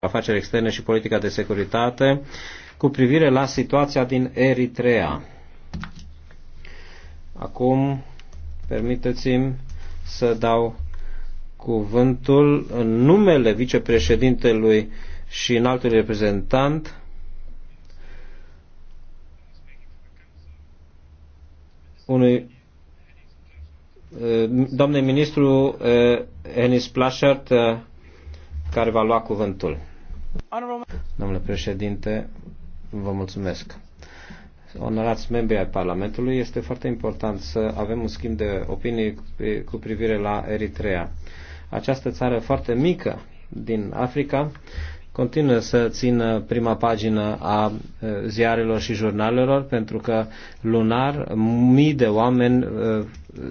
afaceri externe și politica de securitate cu privire la situația din Eritrea. Acum, permiteți-mi să dau cuvântul în numele vicepreședintelui și înaltul reprezentant unui eh, domnul ministru Enis eh, Plașert eh, care va lua cuvântul. Domnule președinte, vă mulțumesc. Onorați membri ai Parlamentului, este foarte important să avem un schimb de opinii cu privire la Eritrea. Această țară foarte mică din Africa continuă să țină prima pagină a ziarelor și jurnalelor, pentru că lunar mii de oameni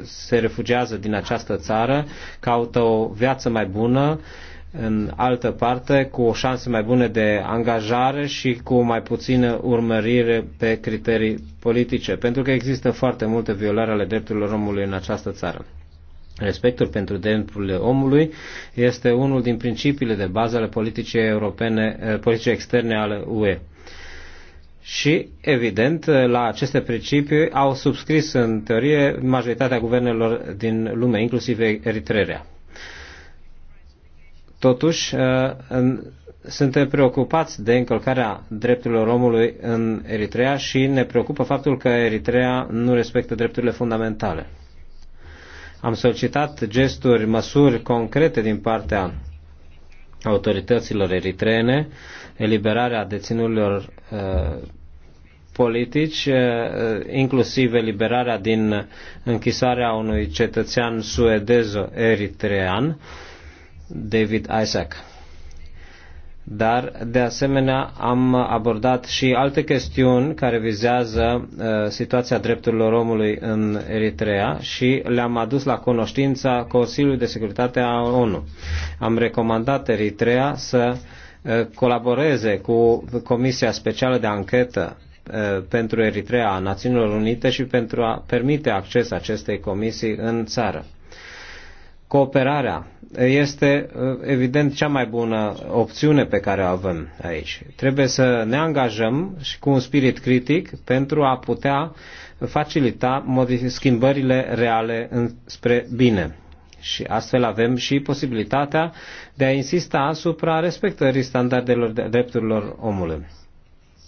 se refugiază din această țară, caută o viață mai bună, în altă parte cu o șansă mai bună de angajare și cu mai puțină urmărire pe criterii politice, pentru că există foarte multe violări ale drepturilor omului în această țară. Respectul pentru drepturile omului este unul din principiile de bază ale politicii europene, eh, politice externe ale UE. Și, evident, eh, la aceste principii au subscris în teorie majoritatea guvernelor din lume, inclusiv Eritrea. Totuși, uh, suntem preocupați de încălcarea drepturilor omului în Eritrea și ne preocupă faptul că Eritrea nu respectă drepturile fundamentale. Am solicitat gesturi, măsuri concrete din partea autorităților eritreene, eliberarea deținurilor uh, politici, uh, inclusiv eliberarea din închisarea unui cetățean suedez-eritrean, David Isaac. Dar, de asemenea, am abordat și alte chestiuni care vizează uh, situația drepturilor omului în Eritrea și le-am adus la cunoștința Consiliului de Securitate a ONU. Am recomandat Eritrea să uh, colaboreze cu Comisia Specială de Anchetă uh, pentru Eritrea a Națiunilor Unite și pentru a permite acces acestei comisii în țară. Cooperarea este uh, evident cea mai bună opțiune pe care o avem aici. Trebuie să ne angajăm și cu un spirit critic pentru a putea facilita schimbările reale spre bine. Și astfel avem și posibilitatea de a insista asupra respectării standardelor drepturilor omului.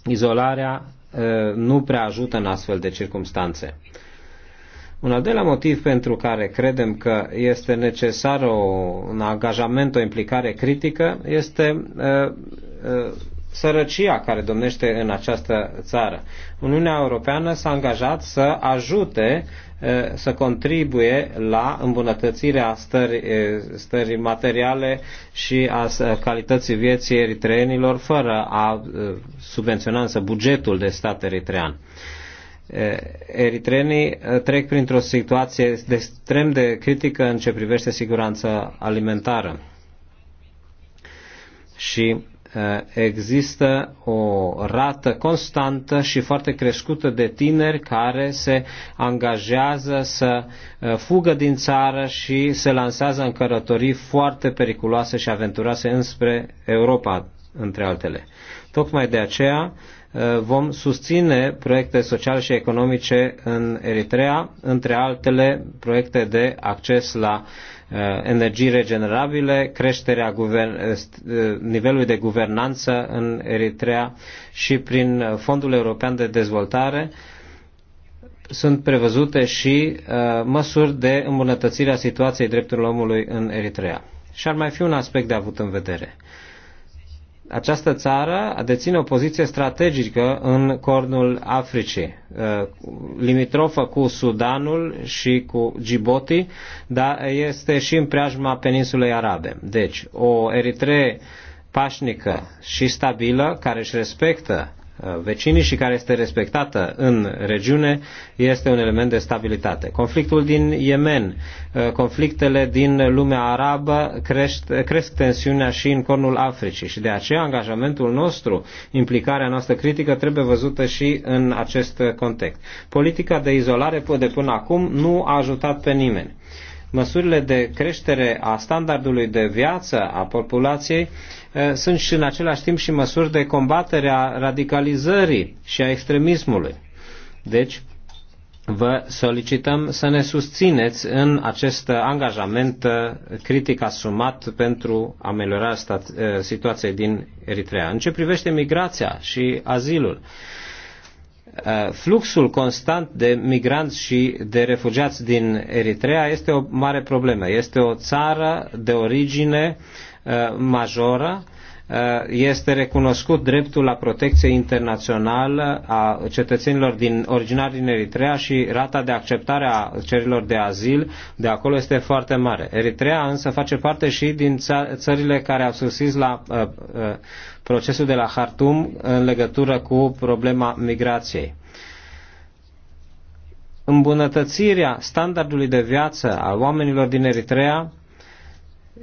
Izolarea uh, nu prea ajută în astfel de circumstanțe. Un al doilea motiv pentru care credem că este necesar o, un angajament, o implicare critică, este uh, uh, sărăcia care domnește în această țară. Uniunea Europeană s-a angajat să ajute, uh, să contribuie la îmbunătățirea stării, uh, stării materiale și a uh, calității vieții eritreenilor, fără a subvenționa însă bugetul de stat eritrean eritrenii trec printr-o situație extrem de critică în ce privește siguranța alimentară. Și există o rată constantă și foarte crescută de tineri care se angajează să fugă din țară și se lansează în călătorii foarte periculoase și aventuroase înspre Europa, între altele. Tocmai de aceea, Eh, vom susține proiecte sociale și economice în Eritrea, între altele proiecte de acces la eh, energii regenerabile, creșterea eh, nivelului de guvernanță în Eritrea și prin Fondul European de Dezvoltare sunt prevăzute și măsuri de îmbunătățire a situației drepturilor omului în Eritrea. Și ar mai fi un aspect de avut în vedere această țară deține o poziție strategică în cornul Africii, uh, limitrofă cu Sudanul și cu Djibouti, dar este și în preajma peninsulei arabe. Deci, o Eritree pașnică și stabilă, care își respectă Uh, vecinii și care este respectată în regiune este un element de stabilitate. Conflictul din Yemen, uh, conflictele din lumea arabă crește, cresc tensiunea și în cornul Africii și de aceea angajamentul nostru, implicarea noastră critică trebuie văzută și în acest context. Politica de izolare de până acum nu a ajutat pe nimeni măsurile de creștere a standardului de viață a populației eh, sunt și în același timp și măsuri de combatere a radicalizării și a extremismului. Deci, vă solicităm să ne susțineți în acest angajament eh, critic asumat pentru ameliorarea eh, situației din Eritrea. În ce privește migrația și azilul, Uh, fluxul constant de migranți și de refugiați din Eritrea este o mare problemă. Este o țară de origine uh, majoră Uh, este recunoscut dreptul la protecție internațională a cetățenilor din, originari din Eritrea și rata de acceptare a cerilor de azil de acolo este foarte mare. Eritrea însă face parte și din țările care au susținut la uh, uh, procesul de la Hartum în legătură cu problema migrației îmbunătățirea standardului de viață al oamenilor din Eritrea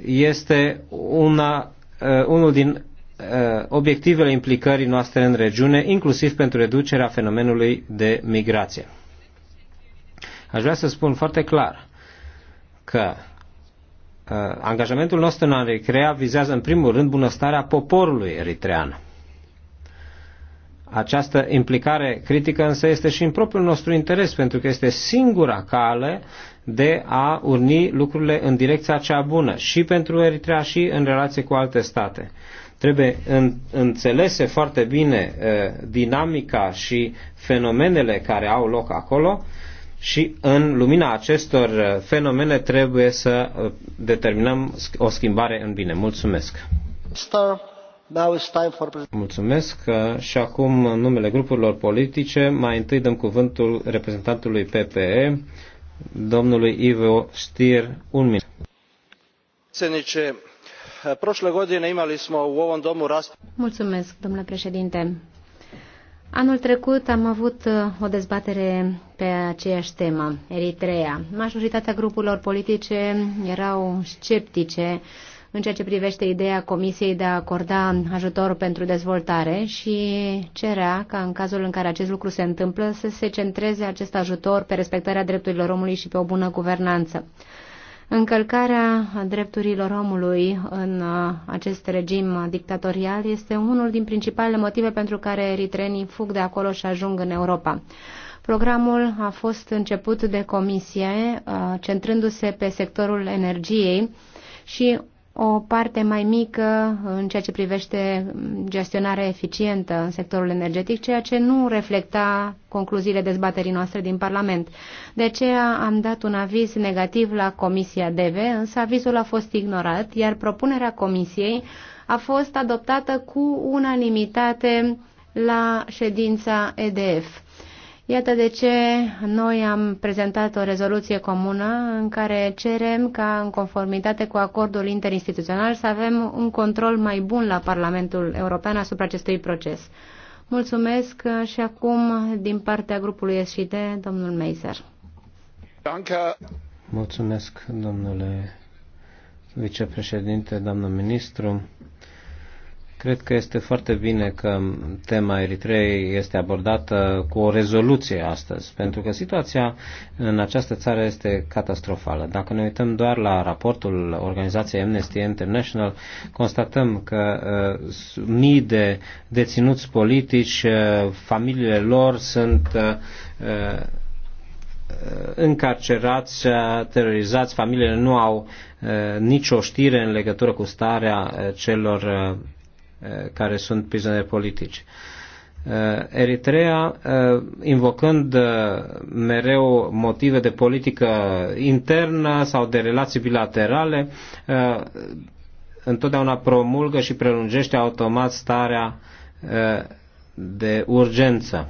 este una Uh, unul din uh, obiectivele implicării noastre în regiune, inclusiv pentru reducerea fenomenului de migrație. Aș vrea să spun foarte clar că uh, angajamentul nostru în Eritrea vizează în primul rând bunăstarea poporului eritrean. Această implicare critică însă este și în propriul nostru interes, pentru că este singura cale de a urni lucrurile în direcția cea bună și pentru Eritrea și în relație cu alte state. Trebuie înțelese foarte bine uh, dinamica și fenomenele care au loc acolo și în lumina acestor uh, fenomene trebuie să uh, determinăm o schimbare în bine. Mulțumesc! Mulțumesc și acum în numele grupurilor politice mai întâi dăm cuvântul reprezentantului PPE, domnului Ivo Stier, un minut. Senice, prošle godine imali smo u ovom domu Mulțumesc, domnule președinte. Anul trecut am avut uh, o dezbatere pe aceeași temă, Eritrea. Majoritatea grupurilor politice erau sceptice în ceea ce privește ideea Comisiei de a acorda ajutor pentru dezvoltare și cerea ca în cazul în care acest lucru se întâmplă să se centreze acest ajutor pe respectarea drepturilor omului și pe o bună guvernanță. Încălcarea drepturilor omului în acest regim dictatorial este unul din principalele motive pentru care eritrenii fug de acolo și ajung în Europa. Programul a fost început de comisie, uh, centrându-se pe sectorul energiei și o parte mai mică în ceea ce privește gestionarea eficientă în sectorul energetic, ceea ce nu reflecta concluziile dezbaterii noastre din Parlament. De aceea am dat un aviz negativ la Comisia DV, însă avizul a fost ignorat, iar propunerea Comisiei a fost adoptată cu unanimitate la ședința EDF. Iată de ce noi am prezentat o rezoluție comună în care cerem ca, în conformitate cu acordul interinstituțional, să avem un control mai bun la Parlamentul European asupra acestui proces. Mulțumesc și acum, din partea grupului SCD, domnul Meiser. Mulțumesc, domnule vicepreședinte, doamnă ministru. Cred că este foarte bine că tema Eritreei este abordată cu o rezoluție astăzi, pentru că situația în această țară este catastrofală. Dacă ne uităm doar la raportul organizației Amnesty International, constatăm că uh, mii de deținuți politici, uh, familiile lor sunt uh, uh încarcerați, uh, terorizați, familiile nu au uh, nicio știre în legătură cu starea celor Eh, care sunt prizonieri politici. Eh, Eritrea, eh, invocând mereu motive de politică internă sau de relații bilaterale, întotdeauna promulgă și prelungește automat starea de urgență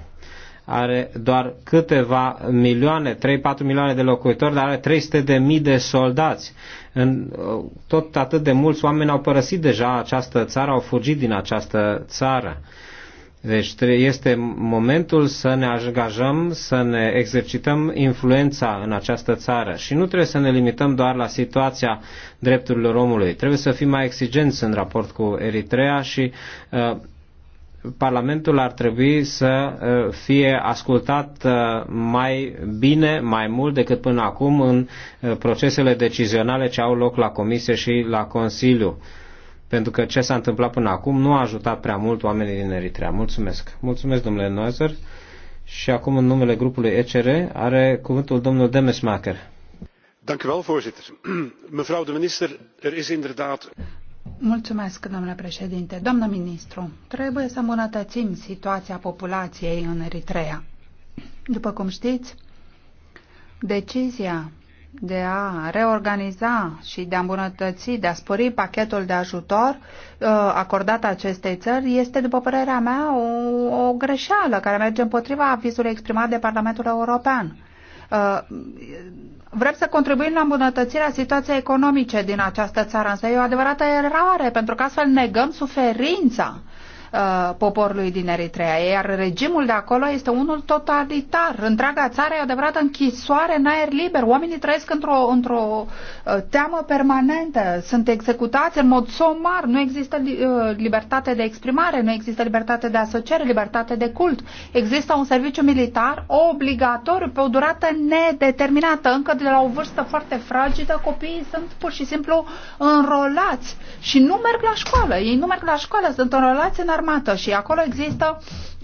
are doar câteva milioane, 3-4 milioane de locuitori, dar are 300 de mii de soldați. În, uh, tot atât de mulți oameni au părăsit deja această țară, au fugit din această țară. Deci este momentul să ne angajăm, să ne exercităm influența în această țară și nu trebuie să ne limităm doar la situația drepturilor omului. Trebuie să fim mai exigenți în raport cu Eritrea și uh, Parlamentul ar trebui să uh, fie ascultat uh, mai bine, mai mult decât până acum în uh, procesele decizionale ce au loc la Comisie și la Consiliu. Pentru că ce s-a întâmplat până acum nu a ajutat prea mult oamenii din Eritrea. Mulțumesc. Mulțumesc, domnule Noizer. Și acum, în numele grupului ECR, are cuvântul domnul Demesmacher. Dank u wel, voorzitter. Mevrouw de minister, er is inderdaad Mulțumesc, domnule președinte. Doamnă ministru, trebuie să îmbunătățim situația populației în Eritrea. După cum știți, decizia de a reorganiza și de a îmbunătăți, de a spori pachetul de ajutor uh, acordat acestei țări este, după părerea mea, o, o greșeală care merge împotriva avizului exprimat de Parlamentul European. Uh, vrem să contribuim la îmbunătățirea situației economice din această țară, însă e o adevărată eroare, pentru că astfel negăm suferința Uh, poporului din Eritrea, iar regimul de acolo este unul totalitar. Întreaga țară e adevărată închisoare în aer liber. Oamenii trăiesc într-o, într-o uh, teamă permanentă, sunt executați în mod somar, nu există uh, libertate de exprimare, nu există libertate de asociere, libertate de cult. Există un serviciu militar obligatoriu pe o durată nedeterminată, încă de la o vârstă foarte fragidă, copiii sunt pur și simplu înrolați și nu merg la școală. Ei nu merg la școală, sunt înrolați în armată și acolo există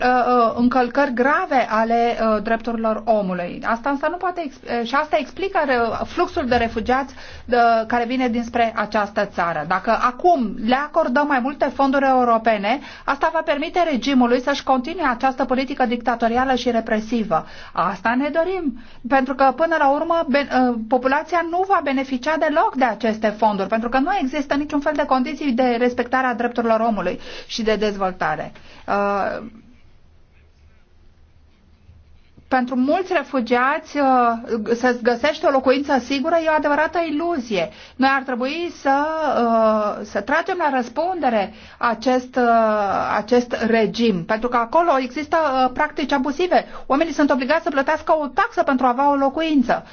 Uh, uh, încălcări grave ale uh, drepturilor omului. Asta însă nu poate uh, și asta explică uh, fluxul de refugiați de, care vine dinspre această țară. Dacă acum le acordăm mai multe fonduri europene, asta va permite regimului să-și continue această politică dictatorială și represivă. Asta ne dorim, pentru că până la urmă uh, populația nu va beneficia deloc de aceste fonduri, pentru că nu există niciun fel de condiții de respectare a drepturilor omului și de dezvoltare. Uh, pentru mulți refugiați uh, să găsești o locuință sigură e o adevărată iluzie. Noi ar trebui să, uh, să tragem la răspundere acest, uh, acest regim, pentru că acolo există practici abusive. Oamenii sunt obligați să plătească o taxă pentru a avea o locuință.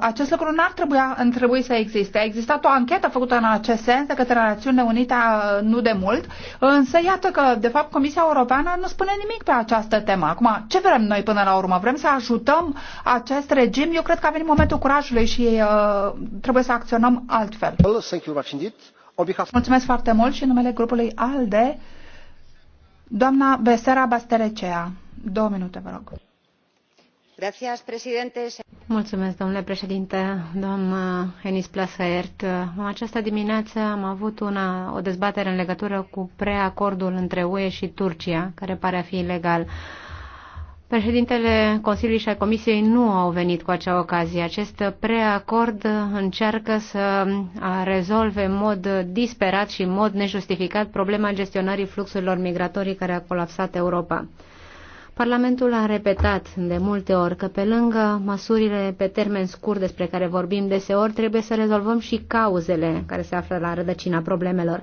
Acest lucru nu ar trebui, trebui să existe. A existat o anchetă făcută în acest sens de către Națiunile Unite nu de mult, însă iată că, de fapt, Comisia Europeană nu spune nimic pe această temă. Acum, ce vrem noi până la urmă? Vrem să ajutăm acest regim, eu cred că a venit momentul curajului și uh, trebuie să acționăm altfel. Mulțumesc foarte mult și în numele grupului ALDE, doamna Besera Basterecea. Două minute, vă rog. Mulțumesc, domnule președinte doamnă Enis Plasaert. în această dimineață am avut una, o dezbatere în legătură cu preacordul între ue și turcia care pare a fi ilegal. Președintele Consiliului și al Comisiei nu au venit cu acea ocazie. Acest preacord încearcă să rezolve în mod disperat și în mod nejustificat problema gestionării fluxurilor migratorii care a colapsat Europa. Parlamentul a repetat de multe ori că pe lângă măsurile pe termen scurt despre care vorbim deseori, trebuie să rezolvăm și cauzele care se află la rădăcina problemelor.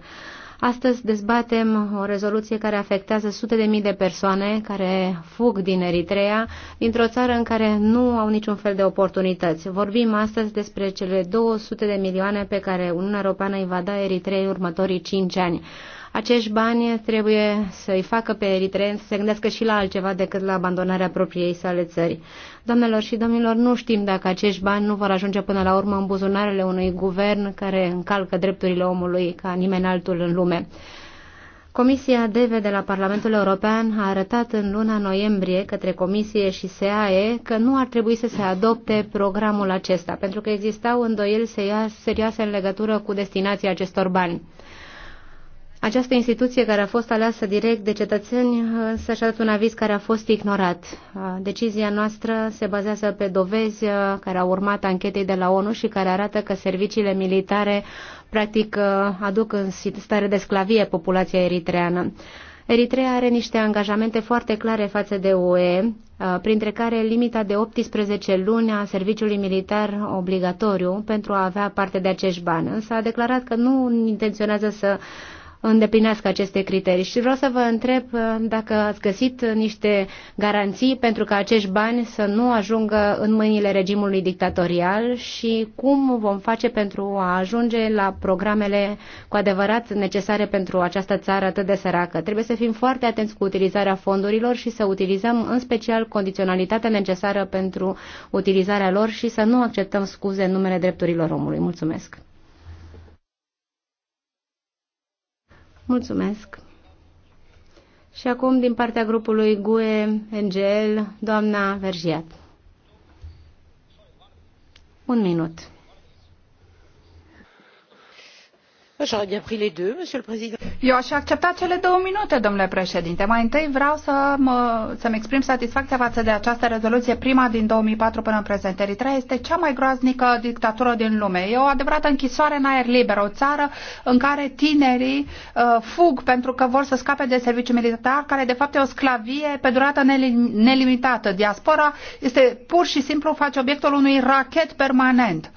Astăzi dezbatem o rezoluție care afectează sute de mii de persoane care fug din Eritrea, dintr-o țară în care nu au niciun fel de oportunități. Vorbim astăzi despre cele 200 de milioane pe care Uniunea Europeană îi va da Eritreei următorii 5 ani acești bani trebuie să-i facă pe eritreni să se gândească și la altceva decât la abandonarea propriei sale țări. Doamnelor și domnilor, nu știm dacă acești bani nu vor ajunge până la urmă în buzunarele unui guvern care încalcă drepturile omului ca nimeni altul în lume. Comisia DEVE de la Parlamentul European a arătat în luna noiembrie către Comisie și SAE că nu ar trebui să se adopte programul acesta, pentru că existau îndoieli serioase în legătură cu destinația acestor bani această instituție care a fost aleasă direct de cetățeni uh, să-și dat un aviz care a fost ignorat. Uh, decizia noastră se bazează pe dovezi uh, care au urmat anchetei de la ONU și care arată că serviciile militare practic aduc în stare de sclavie populația eritreană. Eritrea are niște angajamente foarte clare față de UE, printre care limita de 18 luni a serviciului militar obligatoriu pentru a avea parte de acești bani, însă a declarat că nu intenționează să îndeplinească aceste criterii. Și vreau să vă întreb uh, dacă ați găsit niște garanții pentru ca acești bani să nu ajungă în mâinile regimului dictatorial și cum vom face pentru a ajunge la programele cu adevărat necesare pentru această țară atât de săracă. Trebuie să fim foarte atenți cu utilizarea fondurilor și să utilizăm în special condiționalitatea necesară pentru utilizarea lor și să nu acceptăm scuze în numele drepturilor omului. Mulțumesc! Mulțumesc. Și acum, din partea grupului GUE, NGL, doamna Vergiat. Un minut. eu aș accepta cele două minute, domnule președinte. Mai întâi vreau să mă, exprim satisfacția față de această rezoluție, prima din 2004 până în prezent. eritreea este cea mai groaznică dictatură din lume. E o adevărată închisoare în aer liber, o țară în care tinerii uh, fug pentru că vor să scape de serviciu militar, care de fapt e o sclavie pe durată nelimitată. Diaspora este pur și simplu face obiectul unui rachet permanent.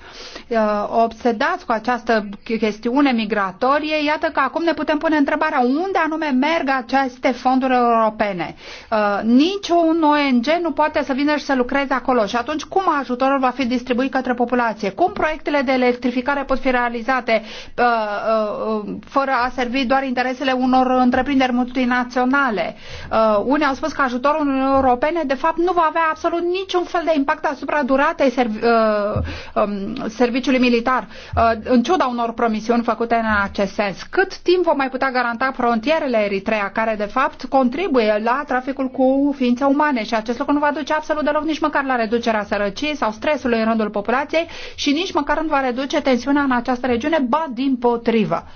Uh, obsedați cu această chestiune migratorie, iată că acum ne putem pune întrebarea unde anume merg aceste fonduri europene. Uh, niciun ONG nu poate să vină și să lucreze acolo și atunci cum ajutorul va fi distribuit către populație? Cum proiectele de electrificare pot fi realizate uh, uh, uh, fără a servi doar interesele unor întreprinderi multinaționale? Uh, unii au spus că ajutorul Uniunii Europene de fapt nu va avea absolut niciun fel de impact asupra duratei servi- uh, um, serviciului militar, uh, în ciuda unor promisiuni făcute în acest sens? Cât timp vom mai putea garanta frontierele Eritrea, care de fapt contribuie la traficul cu ființe umane și acest lucru nu va duce absolut deloc nici măcar la reducerea sărăciei sau stresului în rândul populației și nici măcar nu va reduce tensiunea în această regiune, ba din potrivă.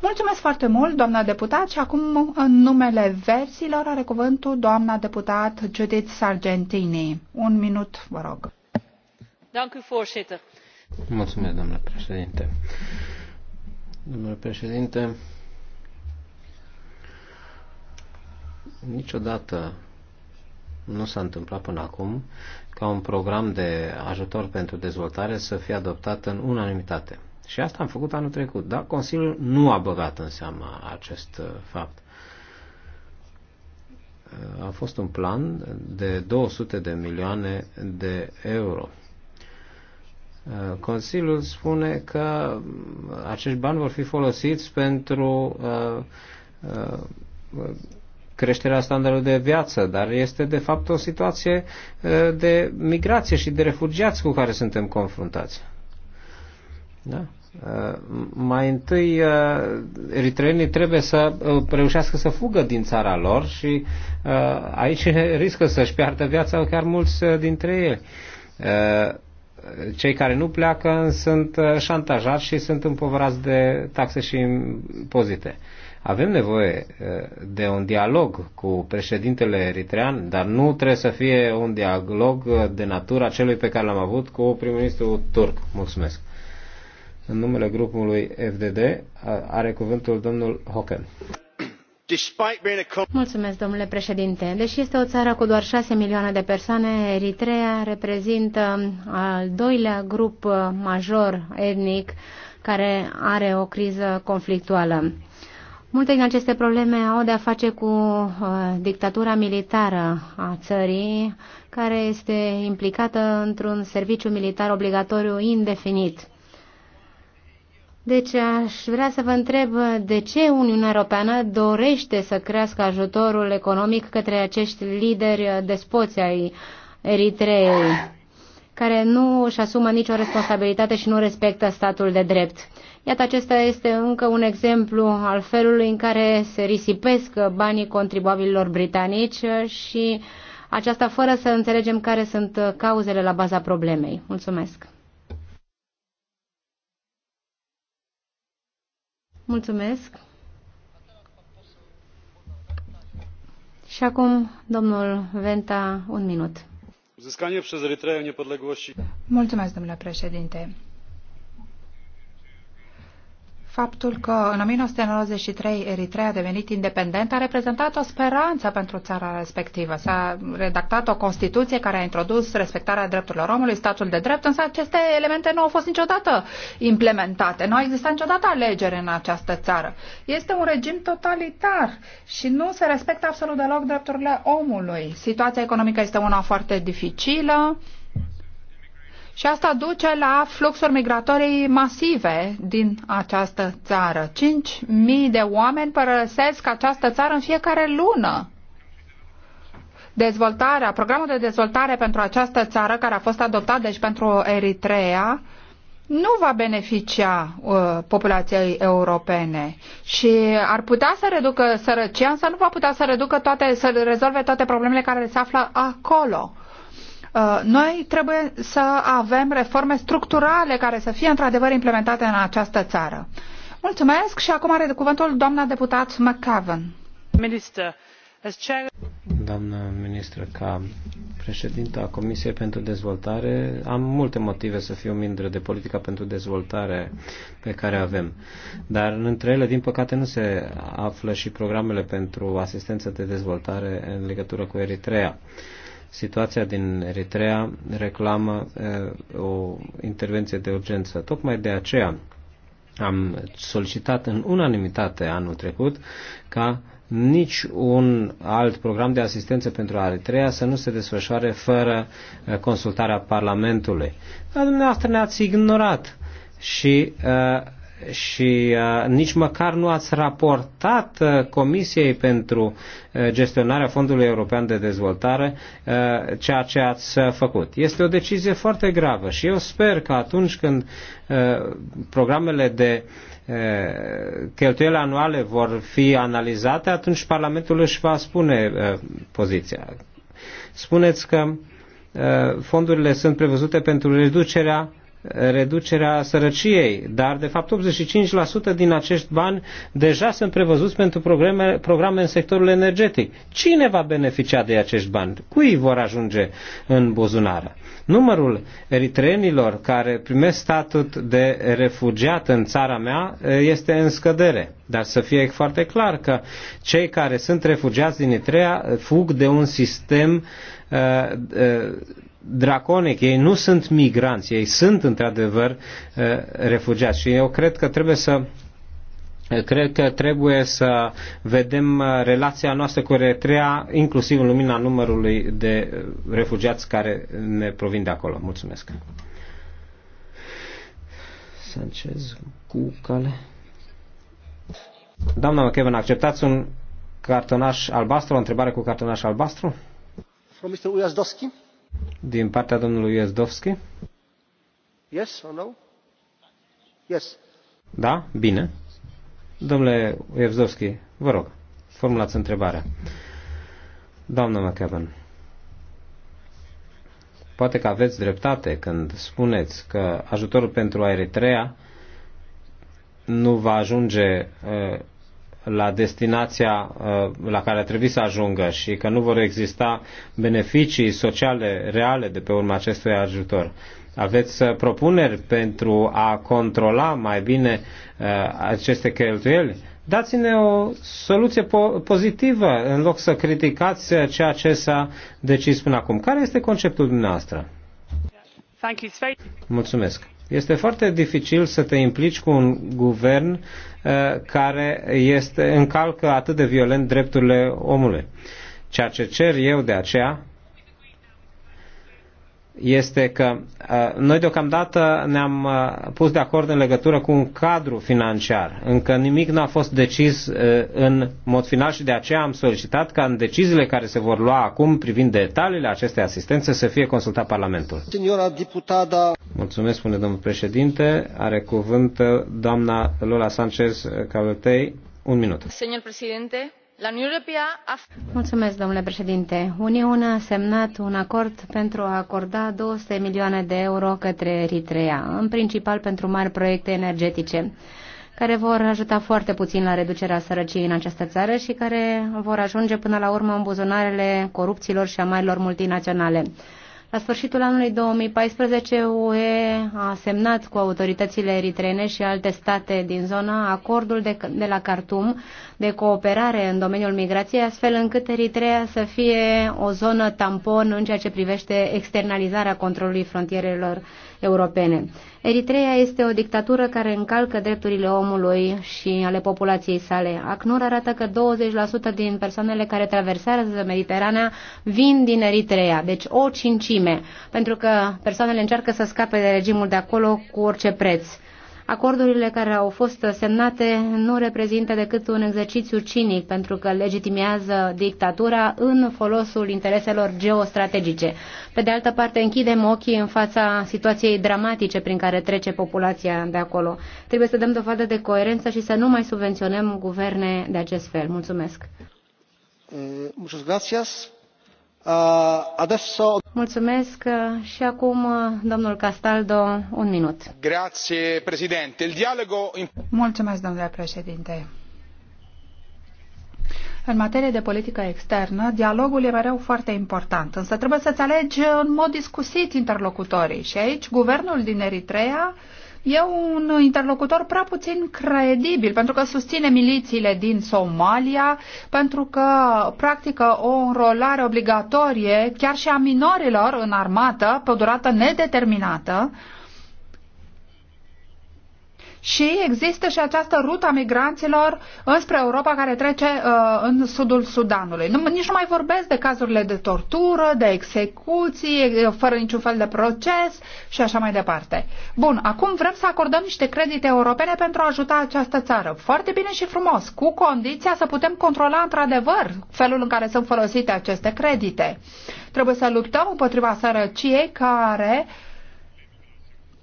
Mulțumesc foarte mult, doamna deputat, și acum în numele versilor are cuvântul doamna deputat Judith Sargentini. Un minut, vă rog. Mulțumesc, doamnă președinte. Domnule președinte, niciodată nu s-a întâmplat până acum ca un program de ajutor pentru dezvoltare să fie adoptat în unanimitate. Și asta am făcut anul trecut, dar Consiliul nu a băgat în seama acest uh, fapt. Uh, a fost un plan de 200 de milioane de euro Uh, Consiliul spune că uh, acești bani vor fi folosiți pentru uh, creșterea standardului de viață, dar este de fapt o situație de migrație și de refugiați cu care suntem confruntați. Da? Mai întâi, eritreenii trebuie să reușească să fugă din țara lor și aici riscă să-și piardă viața chiar mulți dintre ei cei care nu pleacă sunt uh, șantajați și sunt împovărați de taxe și impozite. Avem nevoie uh, de un dialog cu președintele eritrean, dar nu trebuie să fie un dialog uh, de natura celui pe care l-am avut cu prim-ministrul turc. Mulțumesc. În numele grupului FDD are cuvântul domnul Hocken. Mulțumesc, domnule președinte. Deși este o țară cu doar 6 milioane de persoane, Eritrea reprezintă um, al doilea grup uh, major etnic care are o criză conflictuală. Multe din aceste probleme au de-a face cu uh, dictatura militară a țării, care este implicată într-un serviciu militar obligatoriu indefinit. Deci aș vrea să vă întreb de ce Uniunea Europeană dorește să crească ajutorul economic către acești lideri despoți ai Eritreei, care nu își asumă nicio responsabilitate și nu respectă statul de drept. Iată, acesta este încă un exemplu al felului în care se risipesc banii contribuabililor britanici și aceasta fără să înțelegem care sunt cauzele la baza problemei. Mulțumesc! Mulțumesc. Și acum, domnul Venta, un minut. Uzyskanie przez Erytreę niepodległości. Mulțumesc, domnule președinte faptul că în 1993 Eritrea a devenit independentă a reprezentat o speranță pentru țara respectivă. S-a redactat o Constituție care a introdus respectarea drepturilor omului, statul de drept, însă aceste elemente nu au fost niciodată implementate. Nu a existat niciodată alegere în această țară. Este un regim totalitar și nu se respectă absolut deloc drepturile omului. Situația economică este una foarte dificilă și asta duce la fluxuri migratorii masive din această țară. 5.000 de oameni părăsesc această țară în fiecare lună. Dezvoltarea, programul de dezvoltare pentru această țară care a fost adoptat, deci pentru Eritrea, nu va beneficia uh, populației europene și ar putea să reducă sărăcia, însă nu va putea să reducă toate, să rezolve toate problemele care se află acolo. Uh, noi trebuie să avem reforme structurale care să fie într-adevăr implementate în această țară. Mulțumesc și acum are de cuvântul doamna deputat McCavan. Minister. Doamnă ministră, ca președintă a Comisiei pentru Dezvoltare, am multe motive să fiu mândră de politica pentru dezvoltare pe care avem. Dar între ele, din păcate, nu se află și programele pentru asistență de dezvoltare în legătură cu Eritrea situația din Eritrea reclamă uh, o intervenție de urgență. Tocmai de aceea am solicitat în unanimitate anul trecut ca nici un alt program de asistență pentru Eritrea să nu se desfășoare fără uh, consultarea Parlamentului. Dar dumneavoastră ne-ați ignorat și uh, și uh, nici măcar nu ați raportat uh, Comisiei pentru uh, gestionarea Fondului European de Dezvoltare ceea ce ați făcut. Este o decizie foarte gravă și eu sper că atunci când programele de cheltuieli anuale vor fi analizate, atunci Parlamentul își va spune poziția. Spuneți că fondurile sunt prevăzute pentru reducerea reducerea sărăciei, dar de fapt 85% din acești bani deja sunt prevăzuți pentru programe, programe în sectorul energetic. Cine va beneficia de acești bani? Cui vor ajunge în buzunară? Numărul eritreenilor care primesc statut de refugiat în țara mea este în scădere. Dar să fie foarte clar că cei care sunt refugiați din Eritrea fug de un sistem uh, uh, draconic. Ei nu sunt migranți, ei sunt într-adevăr eh, refugiați și eu cred că trebuie să eh, Cred că trebuie să vedem eh, relația noastră cu Eritrea, inclusiv în lumina numărului de refugiați care ne provin de acolo. Mulțumesc. Sanchez, Cucale. Doamna McKevin, acceptați un cartonaș albastru, o întrebare cu cartonaș albastru? From Mr. Ujazdowski. Din partea domnului Iezdovski? Yes or no? Yes. Da? Bine. Domnule Iezdovski, vă rog, formulați întrebarea. Doamna McEwan, poate că aveți dreptate când spuneți că ajutorul pentru Eritrea nu va ajunge uh, la destinația uh, la care trebuie să ajungă și că nu vor exista beneficii sociale reale de pe urma acestui ajutor. Aveți uh, propuneri pentru a controla mai bine uh, aceste cheltuieli? Dați-ne o soluție po- pozitivă în loc să criticați ceea ce s-a decis până acum. Care este conceptul dumneavoastră? Mulțumesc. Este foarte dificil să te implici cu un guvern uh, care este, încalcă atât de violent drepturile omului. Ceea ce cer eu de aceea este că noi deocamdată ne-am pus de acord în legătură cu un cadru financiar. Încă nimic nu a fost decis în mod final și de aceea am solicitat ca în deciziile care se vor lua acum privind detaliile acestei asistențe să fie consultat Parlamentul. Signora deputada... Mulțumesc, spune domnul președinte. Are cuvânt doamna Lola Sanchez Calotei. Un minut. Signor președinte domnule președinte. Uniunea a semnat un acord pentru a acorda de milioane de euro către eritreea în principal pentru mari proiecte energetice, care vor ajuta foarte puțin la reducerea sărăciei în această țară și care vor ajunge până la urmă în buzunarele corupților și a marilor multinaționale. La sfârșitul anului 2014, UE a semnat cu autoritățile eritrene și alte state din zona acordul de, de la Khartoum de cooperare în domeniul migrației, astfel încât Eritrea să fie o zonă tampon în ceea ce privește externalizarea controlului frontierelor europene. Eritrea este o dictatură care încalcă drepturile omului și ale populației sale. ACNUR arată că 20% din persoanele care traversează Mediterana vin din Eritrea, deci o cincime, pentru că persoanele încearcă să scape de regimul de acolo cu orice preț. Acordurile care au fost semnate nu reprezintă decât un exercițiu cinic pentru că legitimează dictatura în folosul intereselor geostrategice. Pe de altă parte, închidem ochii în fața situației dramatice prin care trece populația de acolo. Trebuie să dăm dovadă de coerență și să nu mai subvenționăm guverne de acest fel. Mulțumesc! Eh, muchas gracias. Uh, Mulțumesc uh, și acum uh, domnul Castaldo, un minut. Mulțumesc, domnule președinte. În materie de politică externă, dialogul e mereu foarte important, însă trebuie să-ți alegi în mod discusit interlocutorii. Și aici, guvernul din Eritrea e un interlocutor prea puțin credibil, pentru că susține milițiile din Somalia, pentru că practică o înrolare obligatorie, chiar și a minorilor în armată, pe o durată nedeterminată, și există și această rută a migranților înspre Europa care trece uh, în sudul Sudanului. Nu, nici nu mai vorbesc de cazurile de tortură, de execuții, fără niciun fel de proces și așa mai departe. Bun, acum vrem să acordăm niște credite europene pentru a ajuta această țară. Foarte bine și frumos, cu condiția să putem controla într-adevăr felul în care sunt folosite aceste credite. Trebuie să luptăm împotriva sărăciei care uh,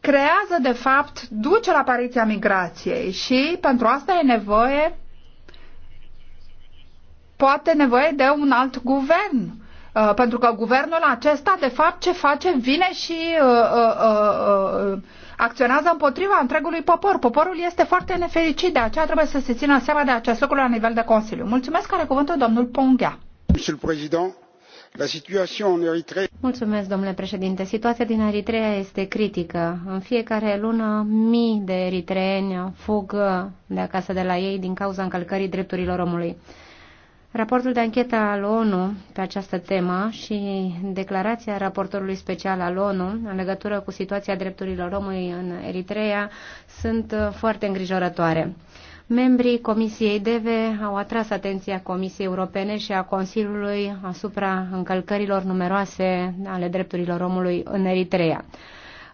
creează, de fapt, duce la apariția migrației și pentru asta e nevoie, poate nevoie de un alt guvern. Uh, pentru că guvernul acesta, de fapt, ce face, vine și uh, uh, uh, uh acționează împotriva întregului popor. Poporul este foarte nefericit, de aceea trebuie să se țină seama de acest lucru la nivel de Consiliu. Mulțumesc, care cuvântul domnul Ponghea. Monsieur le Président, Mulțumesc, domnule președinte. Situația din Eritrea este critică. În fiecare lună, mii de eritreeni fug de acasă de la ei din cauza încălcării drepturilor omului. Raportul de anchetă al ONU pe această temă și declarația raportorului special al ONU în legătură cu situația drepturilor omului în Eritrea sunt foarte îngrijorătoare. Membrii Comisiei DEVE au atras atenția Comisiei Europene și a Consiliului asupra încălcărilor numeroase ale drepturilor omului în Eritrea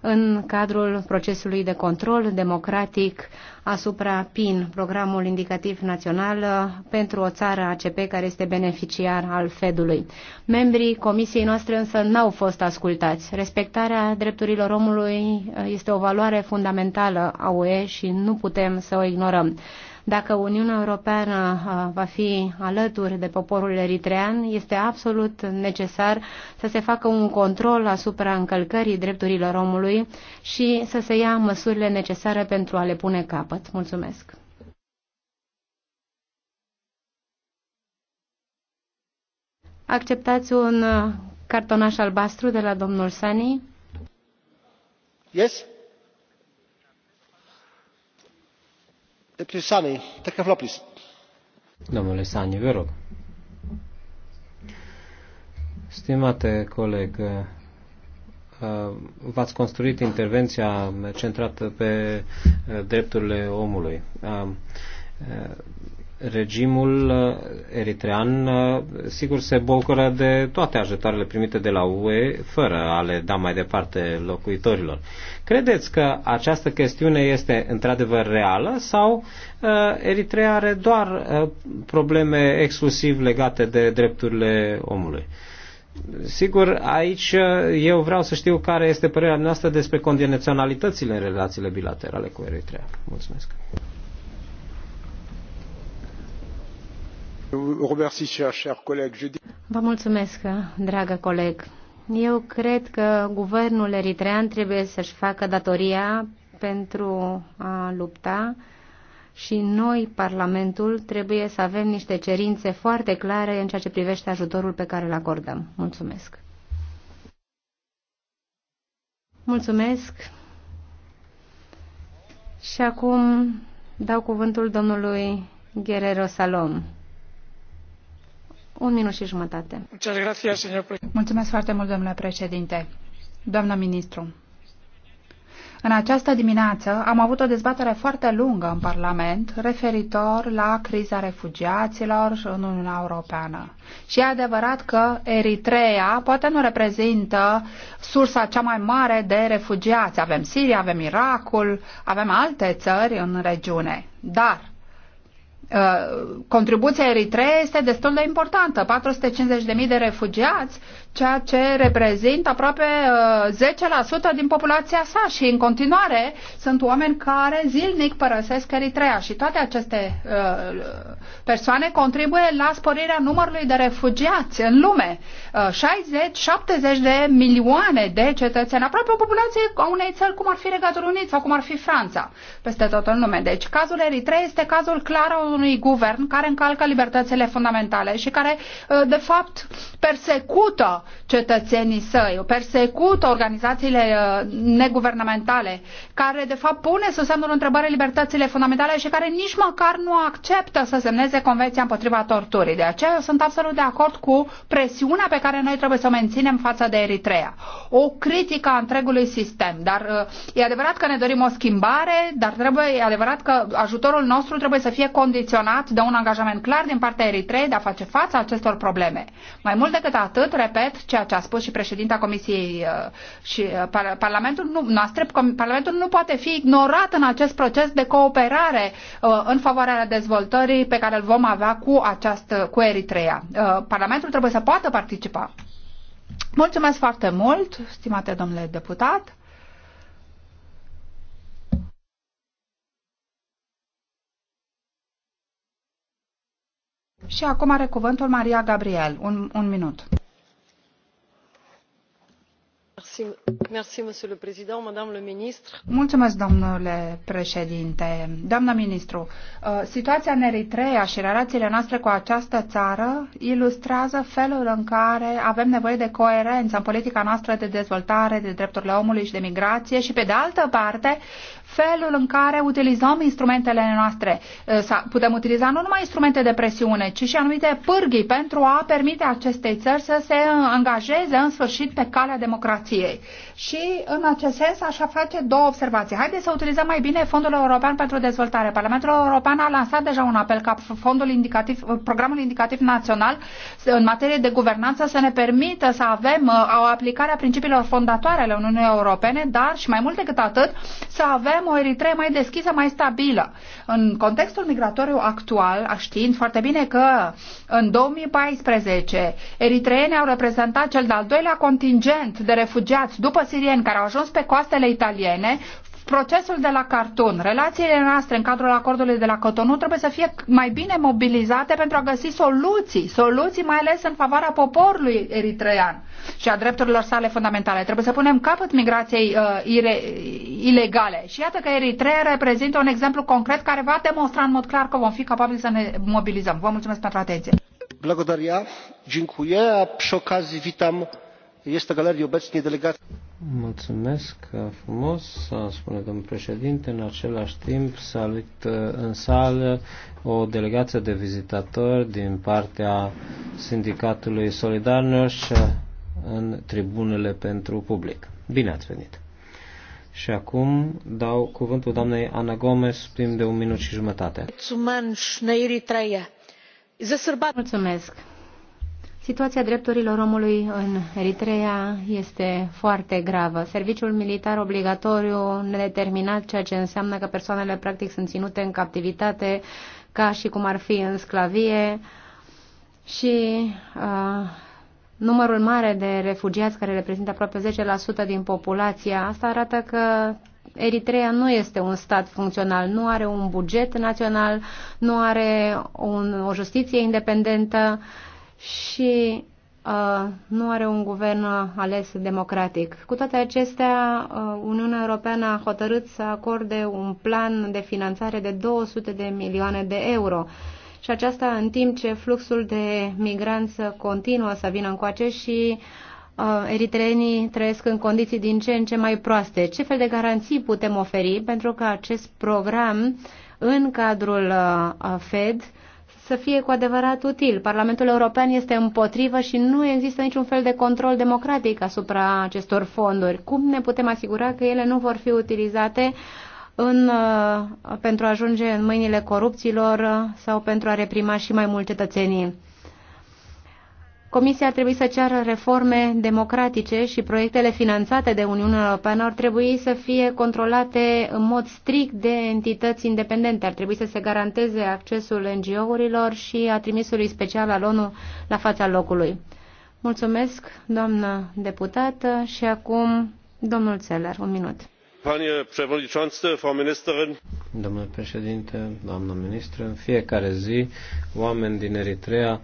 în cadrul procesului de control democratic asupra PIN, programul indicativ național pentru o țară ACP care este beneficiar al Fedului. Membrii comisiei noastre însă n-au fost ascultați. Respectarea drepturilor omului este o valoare fundamentală a UE și nu putem să o ignorăm. Dacă Uniunea Europeană uh, va fi alături de poporul eritrean, este absolut necesar să se facă un control asupra încălcării drepturilor omului și să se ia măsurile necesare pentru a le pune capăt. Mulțumesc! Acceptați un cartonaș albastru de la domnul Sani? Yes? Domnule Sani, vă rog. Stimate coleg, uh, v-ați construit intervenția centrată pe uh, drepturile omului uh, regimul uh, eritrean uh, sigur se bucură de toate ajutoarele primite de la UE fără a le da mai departe locuitorilor. Credeți că această chestiune este într-adevăr reală sau uh, Eritrea are doar uh, probleme exclusiv legate de drepturile omului? Sigur, aici uh, eu vreau să știu care este părerea noastră despre condiționalitățile în relațiile bilaterale cu Eritrea. Mulțumesc. Vă mulțumesc, dragă coleg. Eu cred că guvernul eritrean trebuie să-și facă datoria pentru a lupta și noi, Parlamentul, trebuie să avem niște cerințe foarte clare în ceea ce privește ajutorul pe care îl acordăm. Mulțumesc. Mulțumesc. Și acum dau cuvântul domnului Guerrero Salom. Un și jumătate. Mulțumesc foarte mult, domnule președinte. Doamnă ministru, în această dimineață am avut o dezbatere foarte lungă în Parlament referitor la criza refugiaților în Uniunea Europeană. Și e adevărat că Eritrea poate nu reprezintă sursa cea mai mare de refugiați. Avem Siria, avem Irakul, avem alte țări în regiune. Dar Uh, contribuția Eritreei este destul de importantă. 450.000 de refugiați ceea ce reprezintă aproape 10% uh, din populația sa și în continuare sunt oameni care zilnic părăsesc Eritrea și toate aceste uh, persoane contribuie la sporirea numărului de refugiați în lume. 60-70 uh, de milioane de cetățeni, aproape o populație a unei țări cum ar fi Regatul Unit sau cum ar fi Franța, peste tot în lume. Deci cazul Eritrei este cazul clar al unui guvern care încalcă libertățile fundamentale și care de fapt persecută cetățenii săi, persecută organizațiile uh, neguvernamentale, care de fapt pune sub semnul întrebării libertățile fundamentale și care nici măcar nu acceptă să semneze Convenția împotriva torturii. De aceea eu sunt absolut de acord cu presiunea pe care noi trebuie să o menținem față de Eritrea. O critică a întregului sistem, dar uh, e adevărat că ne dorim o schimbare, dar trebuie, e adevărat că ajutorul nostru trebuie să fie condiționat de un angajament clar din partea Eritrei de a face față acestor probleme. Mai mult decât atât, repet, repet ceea ce a spus și președinta Comisiei uh, și uh, Parlamentul nu, noastră, Parlamentul nu poate fi ignorat în acest proces de cooperare uh, în favoarea dezvoltării pe care îl vom avea cu, această, cu Eritrea. Parlamentul trebuie să poată participa. Mulțumesc foarte mult, stimate domnule deputat. Și acum are cuvântul Maria Gabriel. Un, un minut. Mulțumesc, domnule președinte doamnă ministru uh, situația în eritreea și relațiile noastre cu această țară ilustrează felul în care avem nevoie de coerență în politica noastră de dezvoltare de drepturile omului și de migrație și pe de altă parte felul în care utilizăm instrumentele noastre. Eh, putem utiliza nu numai instrumente de presiune, ci și anumite pârghii pentru a permite acestei țări să se eh, angajeze în sfârșit pe calea democrației. Și în acest sens așa face două observații. Haideți să utilizăm mai bine Fondul European pentru Dezvoltare. Parlamentul European a lansat deja un apel ca fondul indicativ, programul indicativ național în materie de guvernanță să ne permită să avem eh, o aplicare a principiilor fondatoare ale Uniunii Europene, dar și mai mult decât atât să avem avem o Eritrea mai deschisă, mai stabilă. În contextul migratoriu actual, știind foarte bine că în 2014 eritreenii au reprezentat cel de-al doilea contingent de refugiați după sirieni care au ajuns pe coastele italiene, Procesul de la Cartun, relațiile noastre în cadrul acordului de la Cotonou trebuie să fie mai bine mobilizate pentru a găsi soluții, soluții mai ales în favoarea poporului eritrean și a drepturilor sale fundamentale. Trebuie să punem capăt migrației uh, ire, ilegale. Și iată că Eritrea reprezintă un exemplu concret care va demonstra în mod clar că vom fi capabili să ne mobilizăm. Vă mulțumesc pentru atenție. Благодаря. Dziękuję. A przy okazji witam. Jest na galerii obecnie delegacja. Mulțumesc frumos, spune domnul președinte. În același timp salut uh, în sală o delegație de vizitatori din partea sindicatului Solidarność uh, în tribunele pentru public. Bine ați venit! Și acum dau cuvântul doamnei Ana Gomes timp de un minut și jumătate. Mulțumesc! Situația drepturilor omului în Eritrea este foarte gravă. Serviciul militar obligatoriu nedeterminat, ceea ce înseamnă că persoanele practic sunt ținute în captivitate ca și cum ar fi în sclavie și uh, numărul mare de refugiați care reprezintă aproape 10% din populația, asta arată că Eritrea nu este un stat funcțional, nu are un buget național, nu are un, o justiție independentă, uh, și uh, nu are un guvern ales democratic. Cu toate acestea, uh, Uniunea Europeană a hotărât să acorde un plan de finanțare de 200 de milioane de euro. Și aceasta în timp ce fluxul de migranți continuă să vină încoace și uh, eritreenii trăiesc în condiții din ce în ce mai proaste. Ce fel de garanții putem oferi pentru că acest program în cadrul uh, FED uh, să fie cu adevărat util. Parlamentul European este împotrivă și nu există niciun fel de control democratic asupra acestor fonduri. Cum ne putem asigura că ele nu vor fi utilizate în, uh, pentru a ajunge în mâinile corupților uh, sau pentru a reprima și mai mult cetățenii? Comisia ar trebui să ceară reforme democratice și proiectele finanțate de Uniunea Europeană ar trebui să fie controlate în mod strict de entități independente. Ar trebui să se garanteze accesul NGO-urilor și a trimisului special al ONU la fața locului. Mulțumesc, doamnă deputată, și acum domnul Țeler, un minut. Domnule președinte, doamnă ministră, în fiecare zi oameni din Eritrea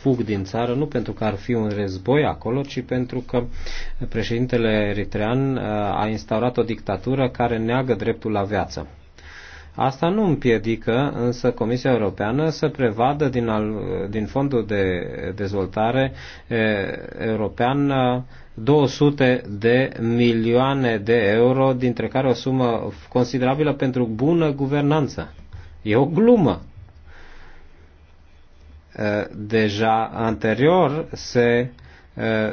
fug din țară nu pentru că ar fi un război acolo, ci pentru că președintele eritrean uh, a instaurat o dictatură care neagă dreptul la viață. Asta nu împiedică însă Comisia Europeană să prevadă din, al, din fondul de dezvoltare e, uh, european 200 uh, de milioane de euro, dintre care o sumă considerabilă pentru bună guvernanță. E o glumă. Eh, deja anterior se eh,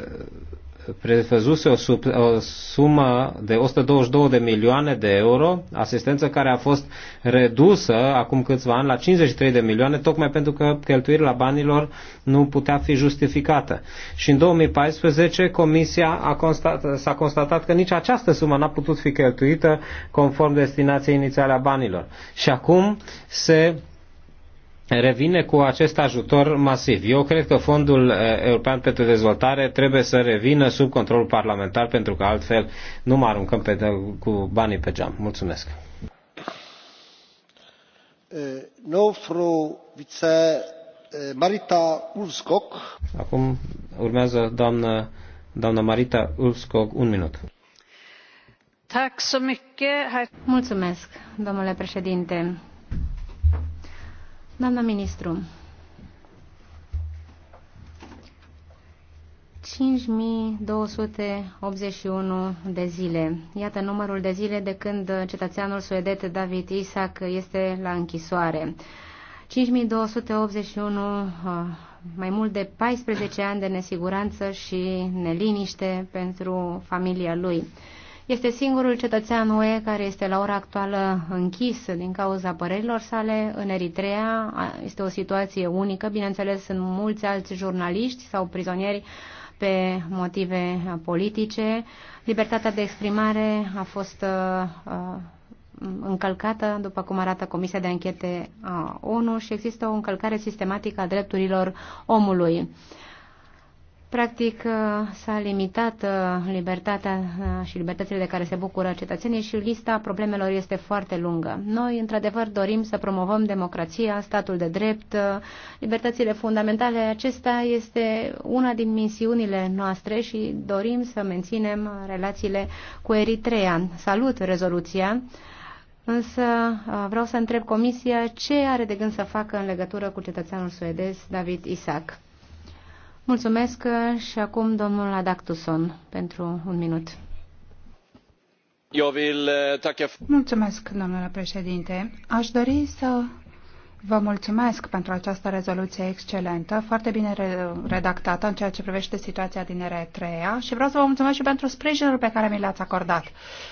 prevăzuse o, sub, o sumă de 122 de milioane de euro, asistență care a fost redusă acum câțiva ani la 53 de milioane, tocmai pentru că cheltuirea banilor nu putea fi justificată. Și în 2014 Comisia a constat, s-a constatat că nici această sumă n-a putut fi cheltuită conform destinației inițiale a banilor. Și acum se revine cu acest ajutor masiv. Eu cred că Fondul eh, European pentru Dezvoltare trebuie să revină sub controlul parlamentar pentru că altfel nu mă aruncăm pe, cu banii pe geam. Mulțumesc. Eh, vice eh, Marita Ulskog. Acum urmează doamna, doamna Marita Ulfskog, un minut. Mulțumesc, domnule președinte Doamna ministru, 5281 de zile. Iată numărul de zile de când cetățeanul suedet David Isaac este la închisoare. 5281, uh, mai mult de 14 ani de nesiguranță și neliniște pentru familia lui. Este singurul cetățean UE care este la ora actuală închis din cauza părerilor sale în Eritrea. Este o situație unică. Bineînțeles, sunt mulți alți jurnaliști sau prizonieri pe motive politice. Libertatea de exprimare a fost uh, uh încălcată, după cum arată Comisia de Anchete a ONU, și există o încălcare sistematică a drepturilor omului. Uh, Practic uh, s-a limitat uh, libertatea uh, și libertățile de care se bucură cetățenii și lista problemelor este foarte lungă. Noi, într-adevăr, dorim să promovăm democrația, statul de drept, libertățile fundamentale. Acesta este una din misiunile noastre și dorim să menținem relațiile cu Eritrea. Salut rezoluția! Însă vreau să întreb Comisia ce are de gând să facă în legătură cu cetățeanul suedez David Isaac. Mulțumesc uh, și acum domnul Adactuson pentru un minut. Uh, Mulțumesc, domnule președinte. Aș dori să Vă mulțumesc pentru această rezoluție excelentă, foarte bine redactată în ceea ce privește situația din Eritrea și vreau să vă mulțumesc și pentru sprijinul pe care mi l-ați acordat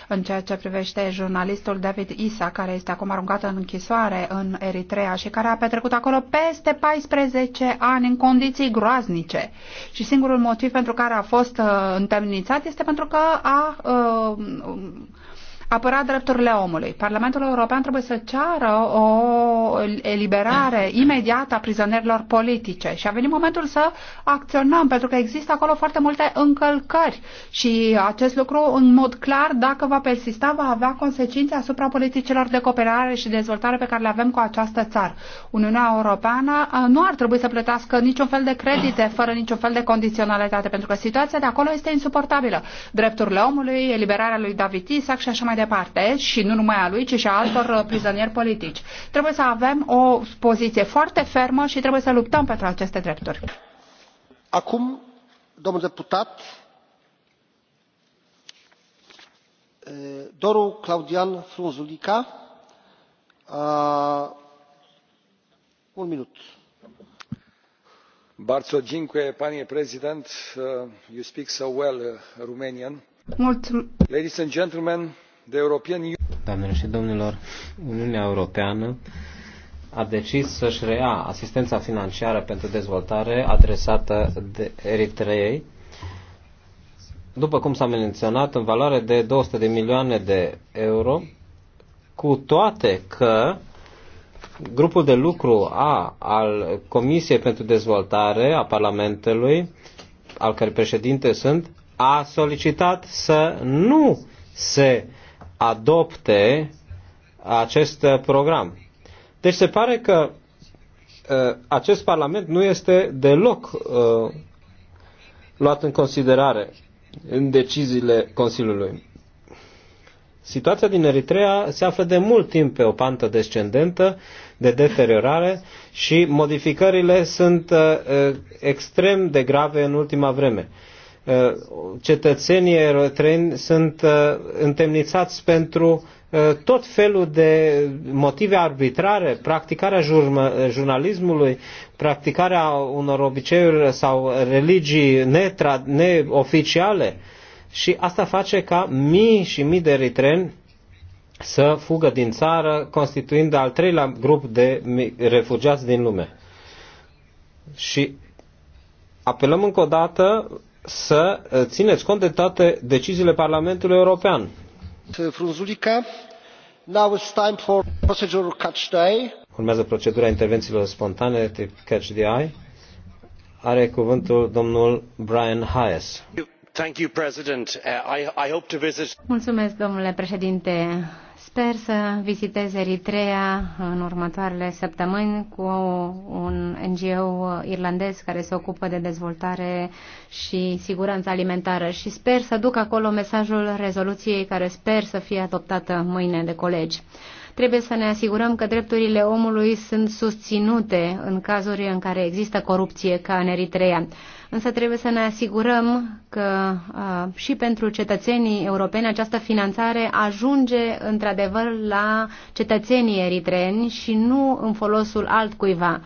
în ceea ce privește jurnalistul David Isa, care este acum aruncat în închisoare în Eritrea și care a petrecut acolo peste 14 ani în condiții groaznice. Și singurul motiv pentru care a fost uh, întemnițat este pentru că a uh, apăra drepturile omului. Parlamentul European trebuie să ceară o eliberare imediată a prizonierilor politice și a venit momentul să acționăm, pentru că există acolo foarte multe încălcări și acest lucru, în mod clar, dacă va persista, va avea consecințe asupra politicilor de cooperare și dezvoltare pe care le avem cu această țară. Uniunea Europeană uh, nu ar trebui să plătească niciun fel de credite fără niciun fel de condiționalitate, pentru că situația de acolo este insuportabilă. Drepturile omului, eliberarea lui David Isaac și așa mai departe și nu numai a lui, ci și a altor uh, prizonieri politici. Trebuie să avem o poziție foarte fermă și trebuie să luptăm pentru aceste drepturi. Acum, domnul deputat uh, doru claudian frunzulic uh, un minut. barzoginque panie president you speak so well romanian. Mulțumesc. ladies and gentlemen the Doamnelor și domnilor, Uniunea Europeană a decis să-și rea asistența financiară pentru dezvoltare adresată de Eritreei, după cum s-a menționat, în valoare de 200 de milioane de euro, cu toate că grupul de lucru A al Comisiei pentru Dezvoltare a Parlamentului, al cărei președinte sunt, a solicitat să nu se adopte acest uh, program. Deci se pare că uh, acest Parlament nu este deloc uh, luat în considerare în deciziile Consiliului. Situația din Eritrea se află de mult timp pe o pantă descendentă de deteriorare și modificările sunt extrem de grave în ultima vreme. Uh, Uh, cetățenii eritreeni sunt uh, întemnițați pentru uh, tot felul de motive arbitrare, practicarea jurnalismului, practicarea unor obiceiuri sau religii netra, neoficiale. Și asta face ca mii și mii de eritreni să fugă din țară, constituind al treilea grup de refugiați din lume. Și apelăm încă o dată să eh, țineți cont de toate deciziile Parlamentului European. Frunzulică. Now it's time for catch the eye. Urmează procedura intervențiilor spontane tip catch the eye. Are cuvântul domnul Brian Hayes. Eh, Mulțumesc, domnule președinte Sper să vizitez Eritrea în următoarele săptămâni cu un NGO irlandez care se ocupă de dezvoltare și siguranță alimentară și sper să duc acolo mesajul rezoluției care sper să fie adoptată mâine de colegi. Trebuie să ne asigurăm că drepturile omului sunt susținute în cazuri în care există corupție ca în Eritrea. Însă trebuie să ne asigurăm că uh, și pentru cetățenii europeni această finanțare ajunge într-adevăr la cetățenii eritreeni și nu în folosul altcuiva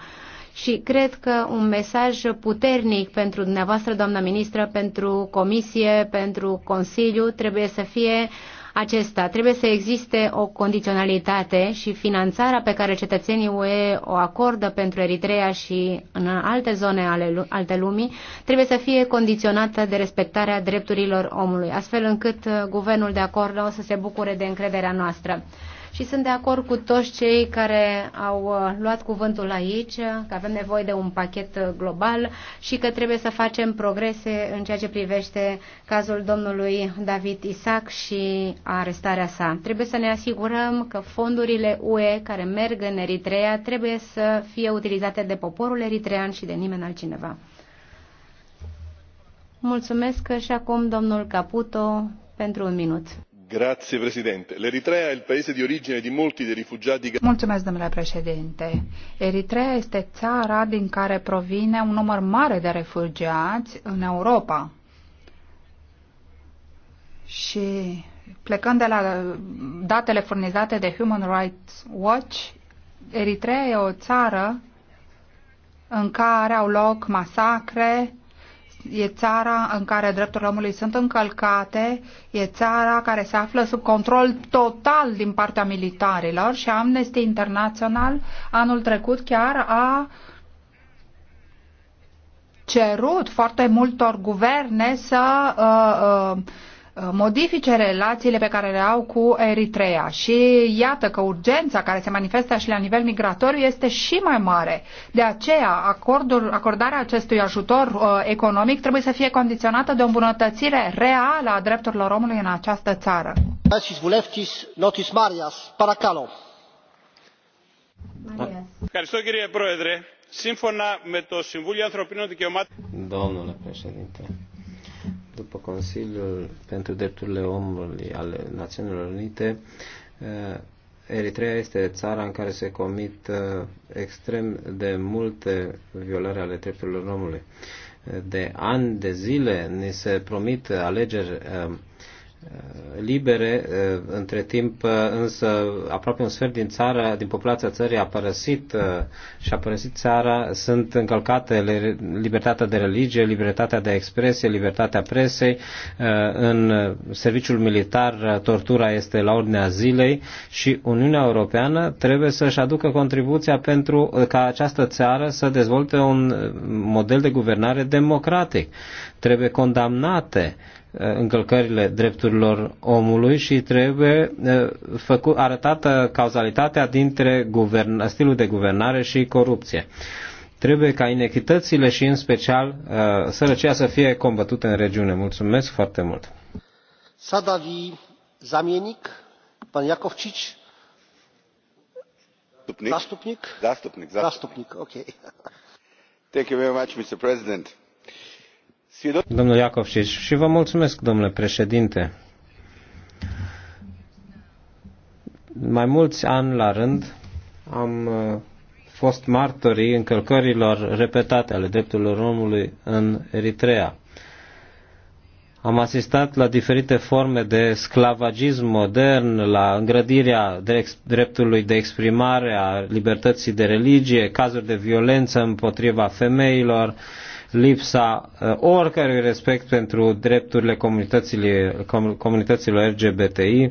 și cred că un mesaj puternic pentru dumneavoastră, doamna ministră, pentru Comisie, pentru Consiliu trebuie să fie uh, acesta. Trebuie să existe o condiționalitate și finanțarea pe care cetățenii UE o acordă pentru Eritrea și în alte zone ale alte lumii trebuie să fie condiționată de respectarea drepturilor omului, astfel încât uh, guvernul de o să se bucure de încrederea noastră și sunt de acord cu toți cei care au uh, luat cuvântul aici, că avem nevoie de un pachet uh, global și că trebuie să facem progrese în ceea ce privește cazul domnului David Isaac și arestarea sa. Trebuie să ne asigurăm că fondurile UE care merg în Eritrea trebuie să fie utilizate de poporul eritrean și de nimeni altcineva. Mulțumesc și acum domnul Caputo pentru un minut domnule președinte eritreea este țara din care provine un număr mare de refugiați în europa și plecând de la datele furnizate de Human Rights Watch, Eritrea e o țară în care au loc masacre, e țara în care drepturile omului sunt încălcate, e țara care se află sub control total din partea militarilor și Amnesty International anul trecut chiar a cerut foarte multor guverne să uh, uh, Uh, modifice relațiile pe care le au cu Eritrea. Și iată că urgența care se manifestă și la nivel migratoriu este și mai mare. De aceea, acordul, acordarea acestui ajutor uh, economic trebuie să fie condiționată de o îmbunătățire reală a drepturilor omului în această țară. Domnule președinte, după Consiliul pentru Drepturile Omului ale Națiunilor Unite, eh, Eritrea este țara în care se comit eh, extrem de multe violări ale drepturilor omului. Eh, de ani de zile ni se promit alegeri Uh, libere. Uh, între timp, uh, însă, aproape un sfert din țară, din populația țării a părăsit și a părăsit țara, sunt încălcate libertatea de religie, libertatea de expresie, libertatea presei. În serviciul militar, tortura este la ordinea zilei și Uniunea Europeană trebuie să-și aducă contribuția pentru ca această țară să dezvolte un model de guvernare democratic. Trebuie condamnate încălcările drepturilor omului și trebuie făcut, arătată cauzalitatea dintre guvern, stilul de guvernare și corupție. Trebuie ca inechitățile și în special sărăcia să fie combătute în regiune. Mulțumesc foarte mult. Sadavi Zamienic, pan Iacovcici. Zastupnik. Zastupnik. Zastupnik. Zastupnik. Okay. Thank you very much, Mr. President Domnul Iacov și vă mulțumesc, domnule președinte. Mai mulți ani la rând am uh, fost martorii încălcărilor repetate ale drepturilor omului în Eritrea. Am asistat la diferite forme de sclavagism modern, la îngrădirea dreptului de exprimare, a libertății de religie, cazuri de violență împotriva femeilor, lipsa uh, oricărui respect pentru drepturile comunităților LGBTI,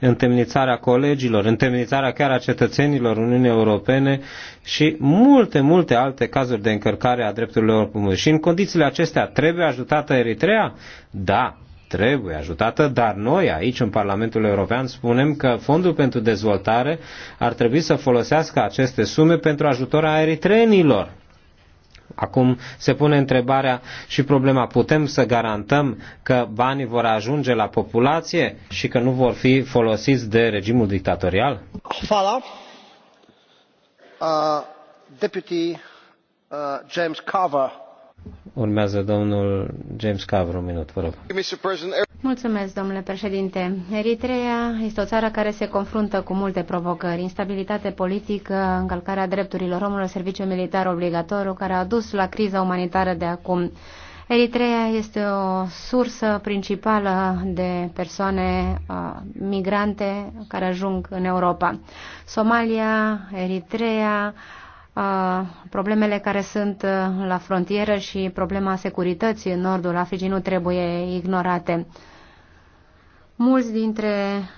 întemnițarea colegilor, întemnițarea chiar a cetățenilor Uniunii Europene și multe, multe alte cazuri de încărcare a drepturilor omului. Și în condițiile acestea trebuie ajutată Eritrea? Da, trebuie ajutată, dar noi aici în Parlamentul European spunem că Fondul pentru Dezvoltare ar trebui să folosească aceste sume pentru ajutorarea eritrenilor. Acum se pune întrebarea și problema, putem să garantăm că banii vor ajunge la populație și că nu vor fi folosiți de regimul dictatorial? Fala. Uh, deputy uh, James Carver Urmează domnul James Cavr, un minut, vă rog. Mulțumesc, domnule președinte. Eritrea este o țară care se confruntă cu multe provocări. Instabilitate politică, încălcarea drepturilor omului, serviciu militar obligatoriu, care a dus la criza umanitară de acum. Eritrea este o sursă principală de persoane migrante care ajung în Europa. Somalia, Eritrea, problemele care sunt uh, la frontieră și problema securității în nordul Africii nu trebuie ignorate. Mulți dintre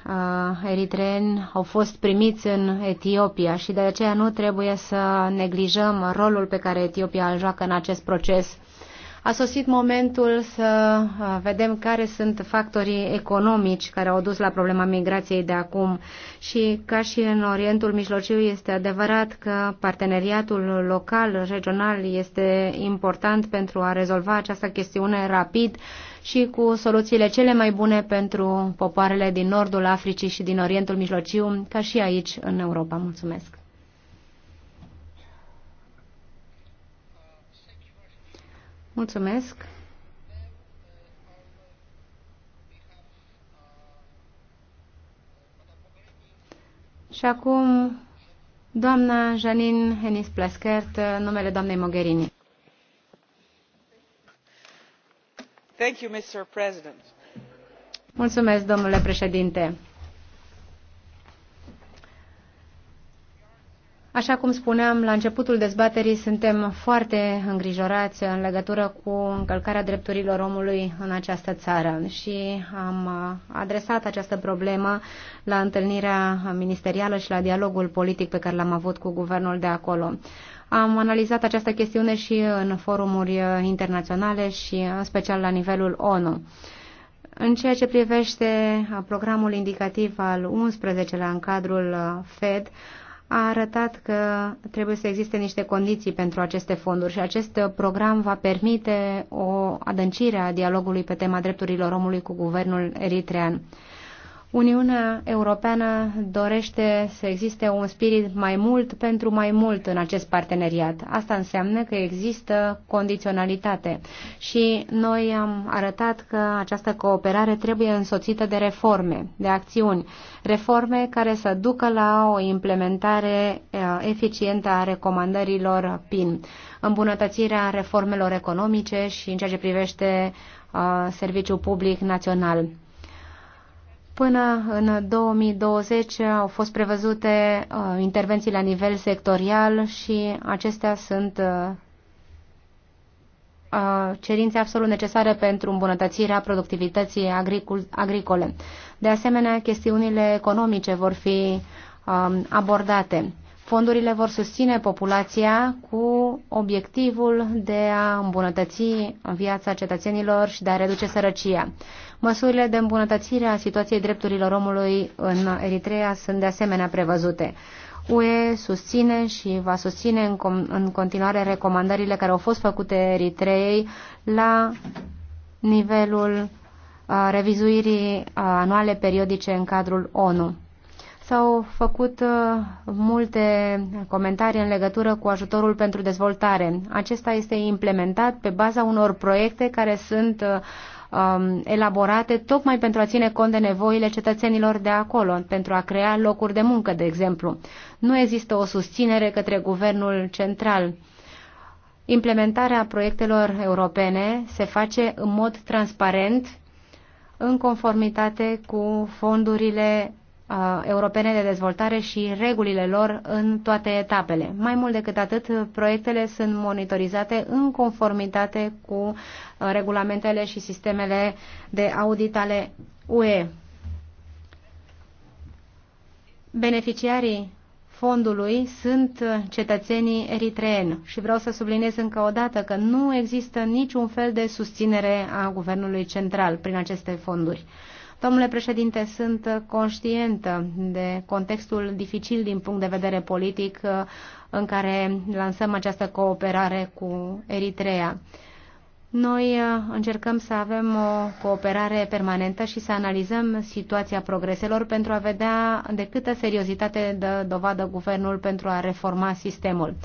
uh, eritreeni au fost primiți în Etiopia și de aceea nu trebuie să neglijăm rolul pe care Etiopia îl joacă în acest proces. A sosit momentul să vedem care sunt factorii economici care au dus la problema migrației de acum și ca și în Orientul Mijlociu este adevărat că parteneriatul local, regional este important pentru a rezolva această chestiune rapid și cu soluțiile cele mai bune pentru popoarele din nordul Africii și din Orientul Mijlociu, ca și aici în Europa. Mulțumesc! Mulțumesc. Și acum, doamna Janin Henis Plaskert, numele doamnei Mogherini. Thank you, Mr. President. Mulțumesc, domnule președinte Așa cum spuneam la începutul dezbaterii, suntem foarte îngrijorați în legătură cu încălcarea drepturilor omului în această țară și am adresat această problemă la întâlnirea ministerială și la dialogul politic pe care l-am avut cu guvernul de acolo. Am analizat această chestiune și în forumuri internaționale și în special la nivelul ONU. În ceea ce privește programul indicativ al 11-lea în cadrul FED, a arătat că trebuie să existe niște condiții pentru aceste fonduri și acest program va permite o adâncire a dialogului pe tema drepturilor omului cu guvernul eritrean. Uniunea Europeană dorește să existe un spirit mai mult pentru mai mult în acest parteneriat. Asta înseamnă că există condiționalitate și noi am arătat că această cooperare trebuie însoțită de reforme, de acțiuni, reforme care să ducă la o implementare eh, eficientă a recomandărilor PIN, îmbunătățirea reformelor economice și în ceea ce privește eh, serviciul public național. Până în 2020 au fost prevăzute uh, intervenții la nivel sectorial și acestea sunt uh, uh, cerințe absolut necesare pentru îmbunătățirea productivității agricul, agricole. De asemenea, chestiunile economice vor fi uh, abordate. Fondurile vor susține populația cu obiectivul de a îmbunătăți viața cetățenilor și de a reduce sărăcia. Măsurile de îmbunătățire a situației drepturilor omului în Eritrea sunt de asemenea prevăzute. UE susține și va susține în, în continuare recomandările care au fost făcute Eritreei la nivelul uh, revizuirii uh, anuale periodice în cadrul ONU. S-au făcut uh, multe comentarii în legătură cu ajutorul pentru dezvoltare. Acesta este implementat pe baza unor proiecte care sunt uh, um, elaborate tocmai pentru a ține cont de nevoile cetățenilor de acolo, pentru a crea locuri de muncă, de exemplu. Nu există o susținere către guvernul central. Implementarea proiectelor europene se face în mod transparent, în conformitate cu fondurile europene de dezvoltare și regulile lor în toate etapele. Mai mult decât atât, proiectele sunt monitorizate în conformitate cu uh, regulamentele și sistemele de audit ale UE. Beneficiarii fondului sunt cetățenii eritreeni și vreau să subliniez încă o dată că nu există niciun fel de susținere a guvernului central prin aceste fonduri. Domnule președinte, sunt conștientă de contextul dificil din punct de vedere politic uh, în care lansăm această cooperare cu Eritrea. Noi uh, încercăm să avem o cooperare permanentă și să analizăm situația progreselor pentru a vedea de câtă seriozitate dă dovadă guvernul pentru a reforma sistemul.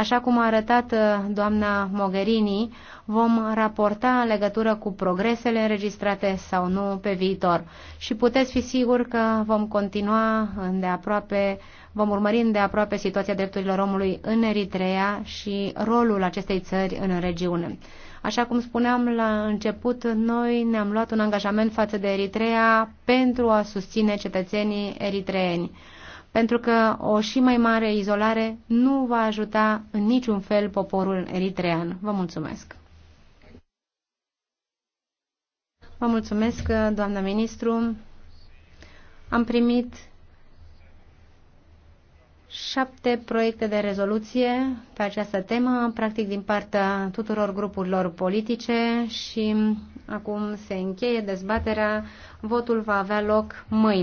Așa cum a arătat uh, doamna Mogherini, vom raporta în legătură cu progresele înregistrate sau nu pe viitor. Și puteți fi siguri că vom continua îndeaproape, vom urmări îndeaproape situația drepturilor omului în Eritrea și rolul acestei țări în regiune. Așa cum spuneam la început, noi ne-am luat un angajament față de Eritrea pentru a susține cetățenii eritreeni pentru că o și mai mare izolare nu va ajuta în niciun fel poporul eritrean. Vă mulțumesc! Vă mulțumesc, doamna ministru. Am primit șapte proiecte de rezoluție pe această temă, practic din partea tuturor grupurilor politice și acum se încheie dezbaterea. Votul va avea loc mâine.